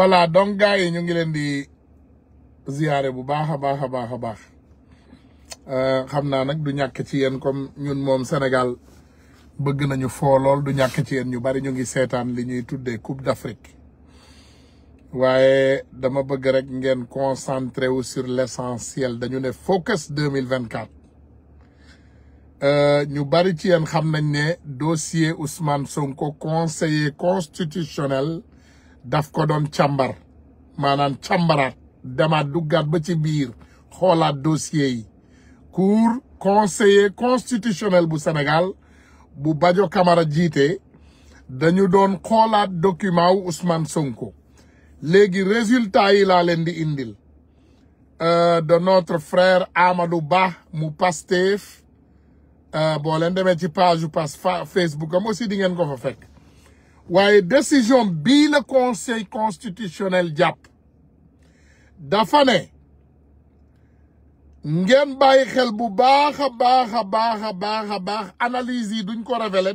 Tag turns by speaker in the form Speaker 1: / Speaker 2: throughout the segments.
Speaker 1: voilà donc gars yi ñu ngi leen di ziyaare bu baax a baax a baax a baax euh, xam naa nag du ñàkk ci yéen comme ñun moom Sénégal bëgg nañu foo lool du ñàkk ci yéen ñu bari ñu ngi seetaan li ñuy tuddee Coupe d'Afrique waaye dama bëgg rek ngeen concentré wu sur l'essentiel dañu ne focus deux mille vingt quatre euh, ñu bari ci yéen xam nañ ne dossier Ousmane Sonko conseiller constitutionnel daf ko manan chambar manan càmbaraat dama duggaat ba ci bir xolat dossier cour conseiller constitutionnel bu Sénégal bu Badio Camara jité dañu don xolat document Ousmane Sonko résultat yi la di indil euh, de notre frère Amadou Ba mu Pastef euh, bo leen demee ci page pas Facebook am aussi di ngén ko fa fekk Oui, décision bii le conseil constitutionnel diap. Dafane, ne baye xel bu baakha a baakha baakha baax analyse yi duñ ko révéler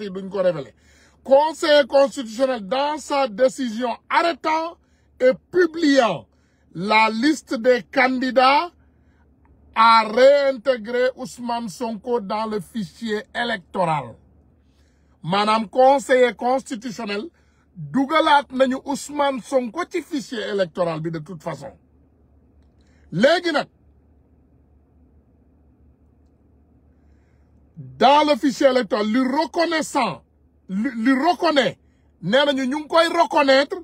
Speaker 1: yi duñ ko révéler conseil constitutionnel dans sa décision arrêtant et publiant la liste des candidats à réintégrer Ousmane Sonko dans le fichier électoral Madame conseiller constitutionnel Dougalat nañu Ousmane Sonko ci fichier électoral de toute façon dans le fichier électoral lui reconnaissant lui reconnaît Nous reconnaître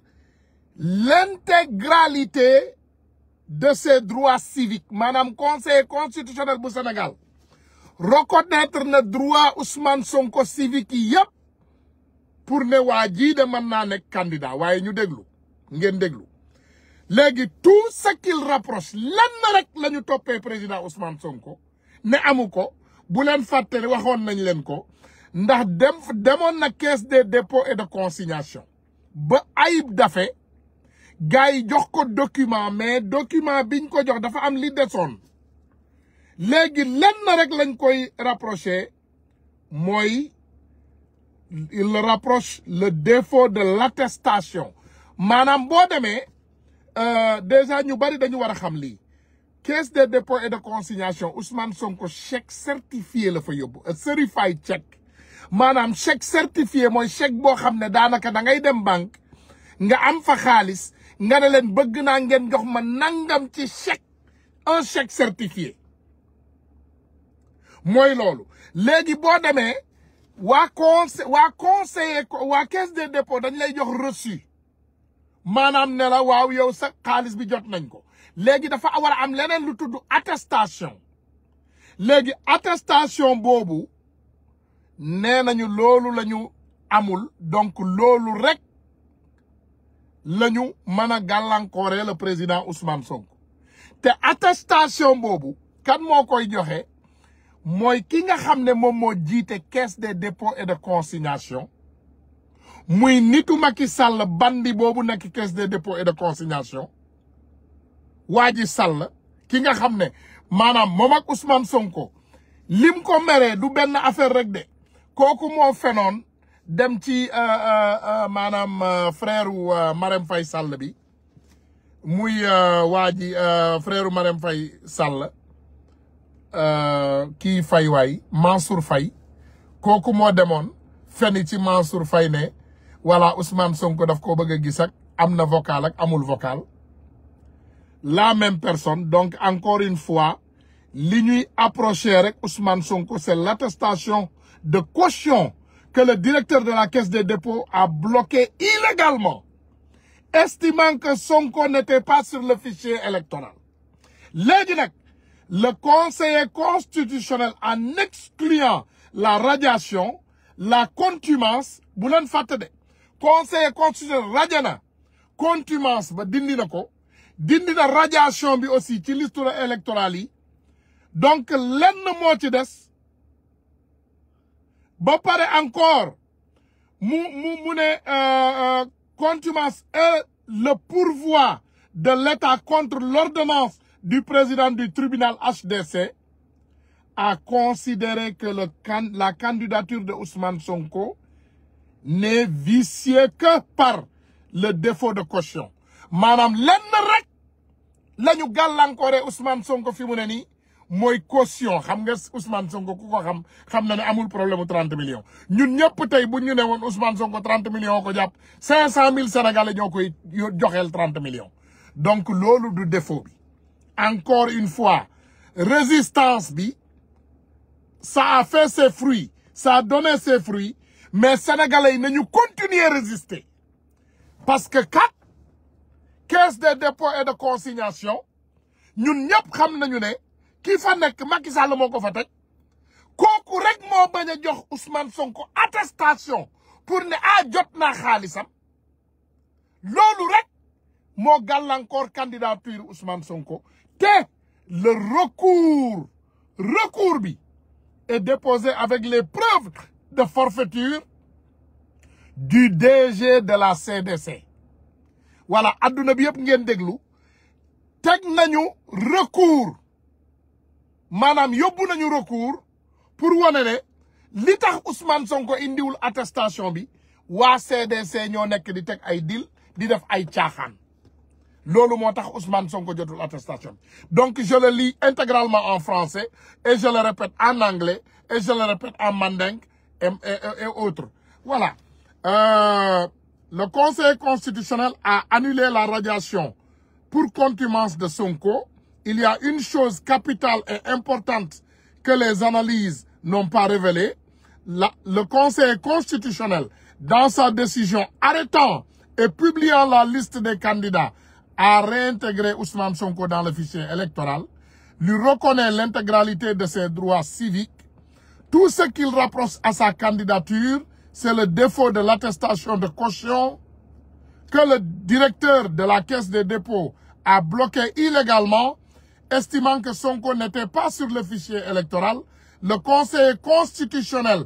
Speaker 1: l'intégralité de ces droits civiques Madame conseiller constitutionnel du Sénégal reconnaître na droit Ousmane Sonko civique yi yëpp pour ne waa jii de mën naa nekk kandidaa waaye ñu déglu ngeen déglu léegi tout ce qu'il lan lenn rek la ñu toppee président son ko ne amu ko bu leen fàtte waxoon nañ leen ko ndax dem demoon na caisse des dépôts et de consignation ba ayib dafe gars yi jox ko document mais document biñ ko jox dafa am li desoon léegi lenn rek lañ koy rapproché mooy il rapproche le défaut de l'attestation maanaam boo demee euh, déjà ñu bari dañu war a xam lii caisse de dépôts et de consignation Ousmane Sonko chèque certifié la fa yóbbu euh, certified check maanaam chèque certifié mooy cheque boo xam ne daanaka da ngay dem banque nga am fa xaalis nga ne leen bëgg naa ngeen jox ma nangam ci chèque un chèque certifié mooy loolu léegi boo demee waa conse waa conseiller waa caisse des dépôts dañ lay jox reçu maanaam ne la waaw yow sa xaalis bi jot nañ ko léegi dafa war a am leneen lu tudd attestation léegi attestation boobu nee nañu loolu la ñu amul donc loolu rek la ñu mën a gàllankoore le président Ousmane Sonko te attestation boobu kan moo koy joxe mooy ki nga xam ne moom moo jiite caisse des dépôts et de consignation muy nitu Macky Sall bandi boobu nekk caisse des dépôts et de consignation waa ji Sall ki nga xam ne maanaam moom ak Ousmane Sonko lim ko meree du benn affaire rek de kooku moo fenoon dem ci euh, euh, euh, maanaam frère u fay Faye Sall bi muy waa ji frère u Marème Faye qui euh, fait Mansour Faye Koko Mo demoon Mansour Faye voilà Ousmane Sonko daf koo vocal vocal la même personne donc encore une fois li ñuy approché Ousmane Sonko c'est l'attestation de caution que le directeur de la caisse des dépôts a bloqué illégalement estimant que Sonko n'était pas sur le fichier électoral Les le conseiller constitutionnel en excluant la radiation, la contumace, vous l'avez conseiller constitutionnel radiation, contumace ba dindi nako, radiation bi aussi ci liste électorale donc lenn ba encore Mou, mou, mou ne euh, euh, contumace est le pourvoi de l'État contre l'ordonnance du président du tribunal HDC a considéré que le la candidature de Ousmane Sonko n'est viciée que par le défaut de caution Madame, lenn rek la ñu Ousmane Sonko fi mu ne nii caution Ousmane Sonko il ko xam xam na problème de 30 millions Nous avons tey bu ñu ne Ousmane Sonko 30 millions 500 000 sénégalais ñoo koy 30 millions donc l'eau du défaut encore une fois résistance bi ça a fait ses fruits ça a donné ses fruits mais sénégalais nous continuons continuer résister parce que quatre caisse des dépôts et de consignation nous ñëpp xam nañu ne kii fa nekk Macky Sall moo ko fa teg kooku rek moo bañ a jox Ousmane Sonko attestation pour ne ah jotna khalisam. Lolu loolu rek moo gàllankoor candidature Ousmane Sonko que le recours recours bi est déposé avec les preuves de forfaiture du DG de la CDC voilà aduna bi yëpp ngeen déglu teg recours manam yóbbu nañu recours pour woné né li tax Ousmane Sonko indiwul attestation bi wa CDC ñoo nek di tek ay dil di def ay Ousmane Sonko jotul l'attestation. donc je le lis intégralement en français et je le répète en anglais et je le répète en mandingue et, autres voilà euh, le Conseil constitutionnel a annulé la radiation pour contumance de Sonko il y a une chose capitale et importante que les analyses n'ont pas révélée le Conseil constitutionnel dans sa décision arrêtant et publiant la liste des candidats a réintégré Ousmane Sonko dans le fichier électoral, lui reconnaît l'intégralité de ses droits civiques. Tout ce qu'il rapproche à sa candidature, c'est le défaut de l'attestation de caution que le directeur de la Caisse des dépôts a bloqué illégalement, estimant que Sonko n'était pas sur le fichier électoral. Le Conseil constitutionnel,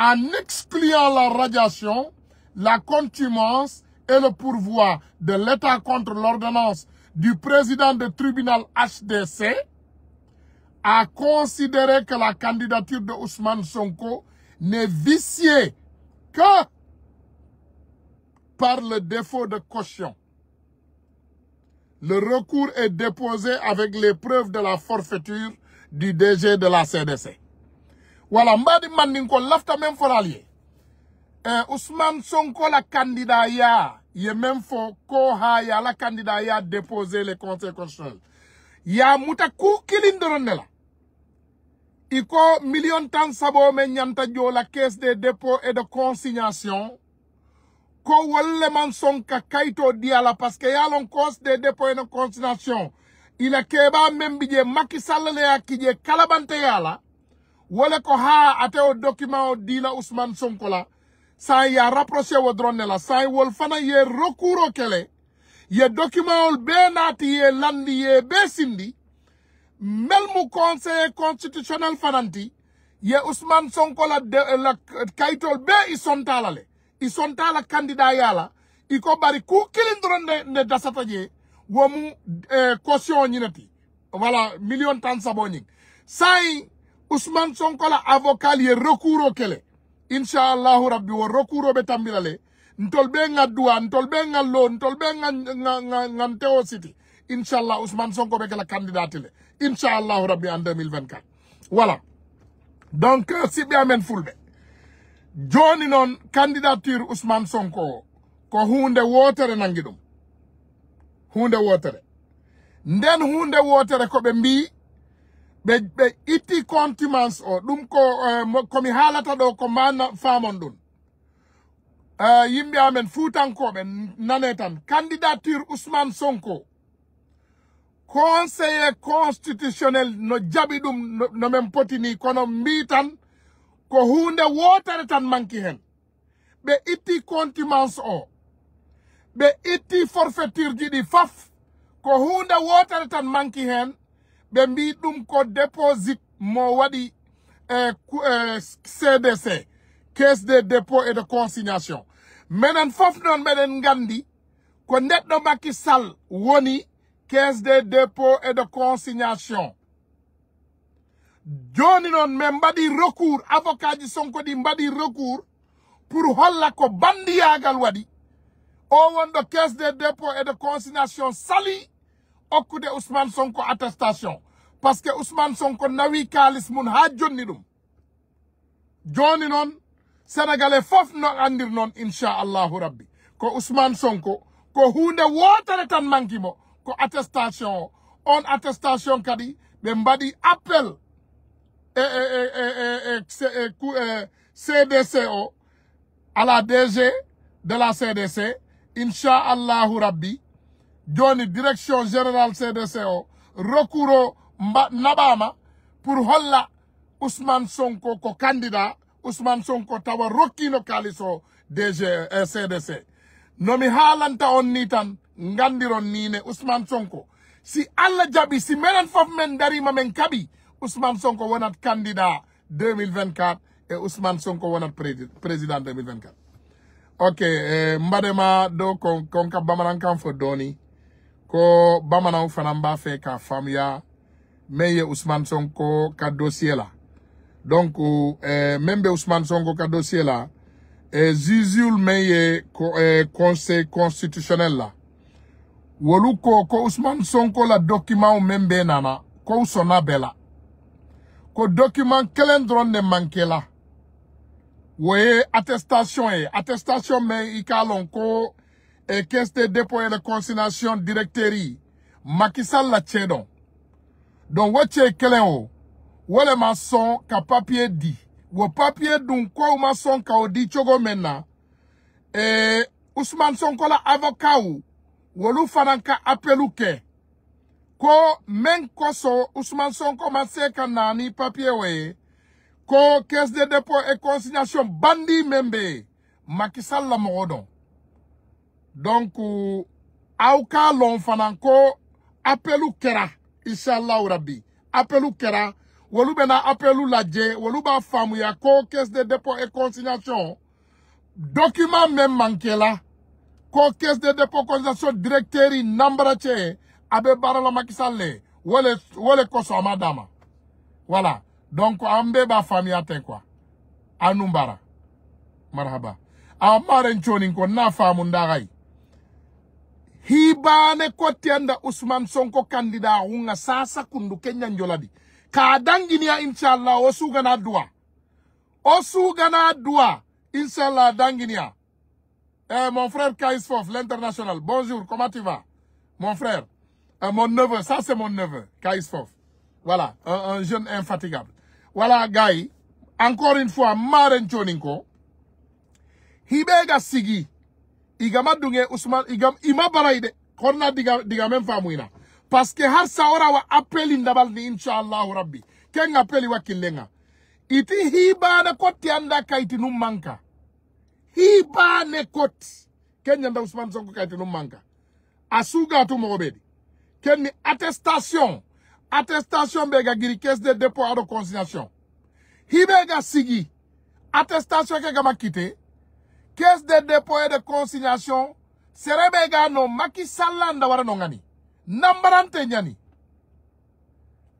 Speaker 1: en excluant la radiation, la contumance et le pourvoi de l'État contre l'ordonnance du président du tribunal HDC a considéré que la candidature de Ousmane Sonko n'est viciée que par le défaut de caution. Le recours est déposé avec les preuves de la forfaiture du DG de la CDC. Voilà, Mbadi Mandinko, l'afta même foralier. Eh, Ousmane Sonko la candidat ya ye même fo ko ha ya la candidat ya déposer les conseils constitutionnels ya muta ku kilindoronde la iko million tan sabo men ñanta jo la caisse des dépôts et de consignation ko wolle man sonka kayto diyala parce que yalon caisse des dépôts et de consignation ila keba men bije Macky Sall le akije kalabante yala wala ko ha ate o document o dila Ousmane Sonko la san ya rapproché wo drone la san wol fana ye recours kele ye document ol naati ye landi ye be sindi melmu conseil constitutionnel fananti ye Ousmane la de, la kayitol be i sontala le i sontala candidat yala iko bari ku kilin drone ne, ne dasata je womu eh, caution ñinati voilà million tan sabo ñing sai Ousmane Sonko la avocat ye recours kele inchallahu rabbi wo rokuroɓe tambirale ntol ɓe gadduwa ntol ɓe gallo ntol ɓe gantewo siti inchallah ousmane sonko ɓe kala candidate le inchallahu rabbi en 2024 voilà donc euh, siɓɓe amen fulɓe joni noon candidature ousmane sonko ko hunde wotere nangi ɗum hunde wotere nden hunde wotere koɓe mbi ɓe ɓe itti continence o ɗum ko eh, komi haalata ɗo ko ma faamon ɗum eh, yimɓe amen fuutankoɓe nane tan candidature ousmane sonko conseiller constitutionnel no jaɓi ɗum no min potini kono mbi tan ko hunde wotere tan manki hen ɓe itti continence o ɓe itti forfaiture ji ɗi faf ko hunde wotere tan manki hen ɓe mbi ɗum ko déposit mo waɗi e eh, eh, cdc caisse de dépôt et de fof noon meɗen gandi ko neɗɗo makki sall woni caisse de dépôt et de consignation joni noon mbaɗi recours avocat sonko ɗi mbaɗi recours pour holla ko bandiyagal waɗi o wonɗo caisse de dépôt et de sali okkude ousmane sonko attestation par ce que ousmane sonko nawi kalis mum ha jonni ɗum joni noon sénégalais fof no andir noon inchallahu rabbi ko ousmane sonko ko hunde wotere tan manki mo ko attestation on attestation kadi ɓe mbaɗi appel cdc e, e, e, o à la dg de la cdc inchallahu rabbi joni direction générale cdc o recours o mba pour holla ousmane sonko ko candidat ousmane sonko tawa rokkino kalis o dg eh, cdc nomi haalanta on ni tan gandiron nine ousmane sonko si allah jaɓi si menen fof men darima men kaɓi ousmane sonko wonat candidat 2024 e ousmane sonko wonat président 2024 ok eh, mbaɗema ɗo kon kon fo doni ko baman an ou fanan ba fe ka fam ya, menye Ousmane Sonko ka dosye la. Donk ou, eh, menbe Ousmane Sonko ka dosye la, eh, zizi ou menye eh, konsey konstitisyonel la. Wou lou ko, ko Ousmane Sonko la dokiman ou menbe nanan, ko Ousmane son a be la. Ko dokiman, kelendron ne manke la. Wou ye atestasyon e, atestasyon men yi kalon, ko, et caisse des de consignation directeur yi Macky Sall laccee ɗon ɗon waccee kelen o wolema son ka papier wo papier ɗum kowma ka o di cogo men na e ousmane sonkola avocat u wolu fanan ka ko men koso ousmane sonko ma se ka ko caisse de dépôt et consignation bandi men be Macky donc euh, aw k'a lɔn fana ko apelu kɛra inshallahu rabi apelu kɛra wolu bɛna apelu lajɛ wolu b'a faamuya ko caisse de dépôt et consignation document min mankɛla ko caisse de dépôt consignation directeur nanbara cɛ a bɛ baara la Macky Sall le wale a ma d'a ma voilà donc an bɛɛ b'a faamuya ten quoi a nun bara marhaba a maren conin ko n'a faamu ndaga ye hibane kottenda ousmane sonko candidat hunga sasa kundu kenya joladi ka danginiya inchallah o sugana duwa o sugana duwa inchallah danginiya eh, mon frère Kaïs Fof l'international bonjour comment tu mon frère eh, mon neveu ça c'est mon neveu Kaïs Fof voilà un, jeune infatigable voilà gars encore une fois maren coninko hiɓega sigi igama dunge usman igam ima baray de konna diga diga men famuyna parce que har sawra wa appeli ndabal ni inchallahu rabbi ken appeli wakillenga iti hibana kotti anda kayti num manka hibane kotti ken nyanda usman sonko kayti num manka asuga tu mogobedi ken ni attestation attestation be ga giri de dépôt ado consignation hibe ga sigi attestation ke ga makite caisse des dépôts de consignation serebe ga no maki salla ndawara no ngani nambarante nyani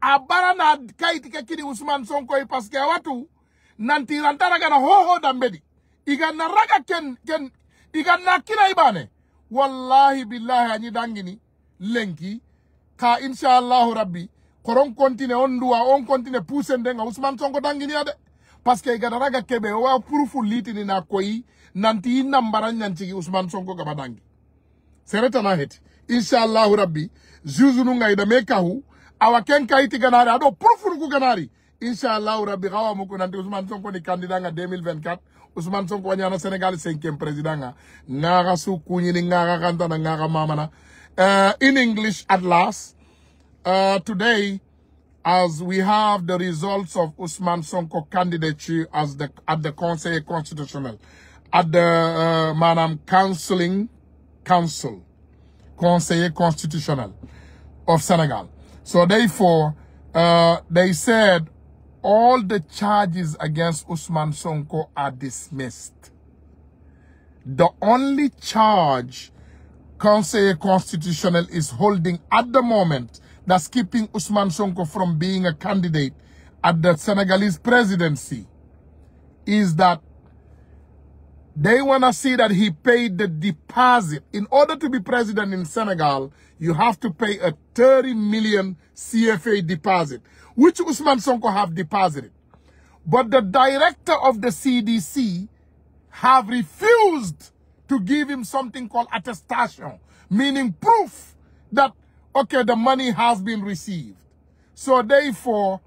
Speaker 1: a bara na kayti ke kini usman sonkoy parce que watu nantirantaraga na hoho dambedi iga na raga ken iga na kina ibane wallahi billahi anyi dangini lenki ka inshallah rabbi koron kontine on on kontine pousen denga usman sonko dangini ade pasque gadaraga keɓe owa purufu litinina koyi nanti i nambaran ñancigi ousmane sonko gabadangi seretana heti inchallahu rabbi juge nu gayda me kahu awa ken kayiti ganari aɗo purufunuku ganari inchallahu rabbi xawa muku nanti ousmane sonko ni candidat nga 2024 ousmane sonko wañana sénégal cinquième président nga ngaxa su kuñini ngaxa xantana ngaxa mamana uh, eh, in english at last eh, today as we have the results of Usman Sonko candidacy as the at the Conseil Constitutionnel, at the uh, Madam Counseling Council, Conseil Constitutionnel of Senegal. So therefore, uh, they said all the charges against Usman Sonko are dismissed. The only charge Conseil Constitutionnel is holding at the moment that's keeping Usman Sonko from being a candidate at the Senegalese presidency is that they want to see that he paid the deposit. In order to be president in Senegal, you have to pay a 30 million CFA deposit, which Usman Sonko have deposited. But the director of the CDC have refused to give him something called attestation, meaning proof that okay, the money has been received. So therefore,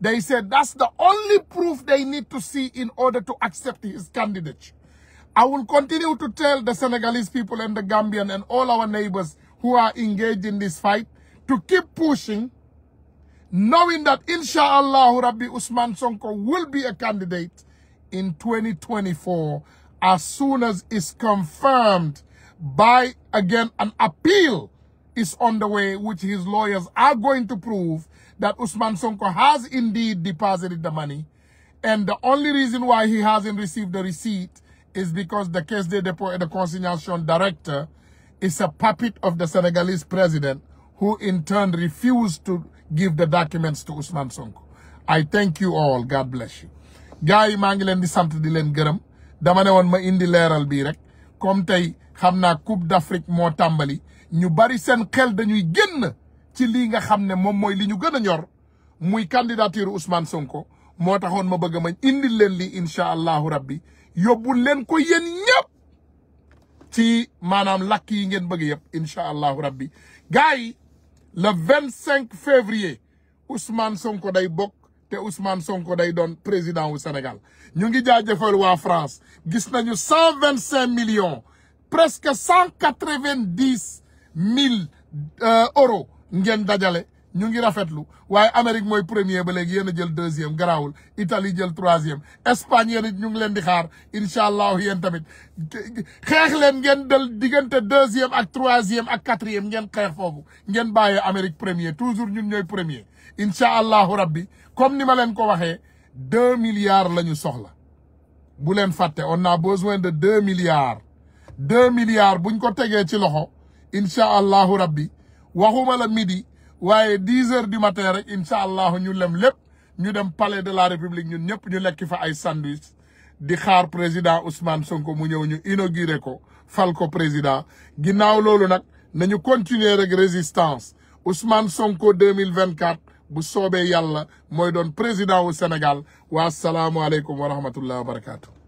Speaker 1: they said that's the only proof they need to see in order to accept his candidature. I will continue to tell the Senegalese people and the Gambian and all our neighbors who are engaged in this fight to keep pushing, knowing that inshallah Rabbi Usman Sonko will be a candidate in 2024 as soon as is confirmed by, again, an appeal is underway, which his lawyers are going to prove that Usman Sonko has indeed deposited the money. And the only reason why he hasn't received the receipt is because the case de Depot the Consignation Director is a puppet of the Senegalese president who in turn refused to give the documents to Usman Sonko. I thank you all. God bless you. gars yi di sant di gërëm ma indi leeral bii rek comme tey xam Coupe d'Afrique tàmbali ñu bari seen xel dañuy génn ci lii nga xam ne moom mooy li ñu gën a ñor muy candidature Ousmane Sonko moo taxoon ma bëgg ma indil leen lii incha allahu rabbi yóbbul leen ko yéen ñëpp ci maanaam lakk yi ngeen bëgg yëpp incha allahu rabbi gars yi le vingt cinq février Ousmane Sonko day bokk te Ousmane Sonko day doon président wu Sénégal ñu ngi jaajëfal waa France gis nañu cent vingt cinq millions presque cent quatre vingt dix mille euh, euros ngeen dajale ñu ngi rafetlu waaye Amérique mooy premier ba léegi yéen a jël deuxième garaawul Italie jël troisième Espagne yéen it ñu ngi leen di xaar incha allahu yéen tamit xeex leen ngeen dal diggante deuxième ak troisième ak quatrième ngeen xeex foofu ngeen bàyyee Amérique premier toujours ñun ñooy premier incha allahu rabbi comme ni ma leen ko waxee deux milliards la ñu soxla bu leen fàtte on a besoin de deux milliards deux milliards buñ ko tegee ci loxo Insha'Allah rabbi waxuma la midi à 10h du matin insha'Allah, nous ñu lem lepp palais de la république ñun ñep ñu lekk fa ay sandwich di président Ousmane Sonko mu ñëw ñu inaugurer ko président Nous lolu nak nañu continuer résistance Ousmane Sonko 2024 bu soobee yalla moy don président au Sénégal wa assalamu wa rahmatullahi wa barakatuh.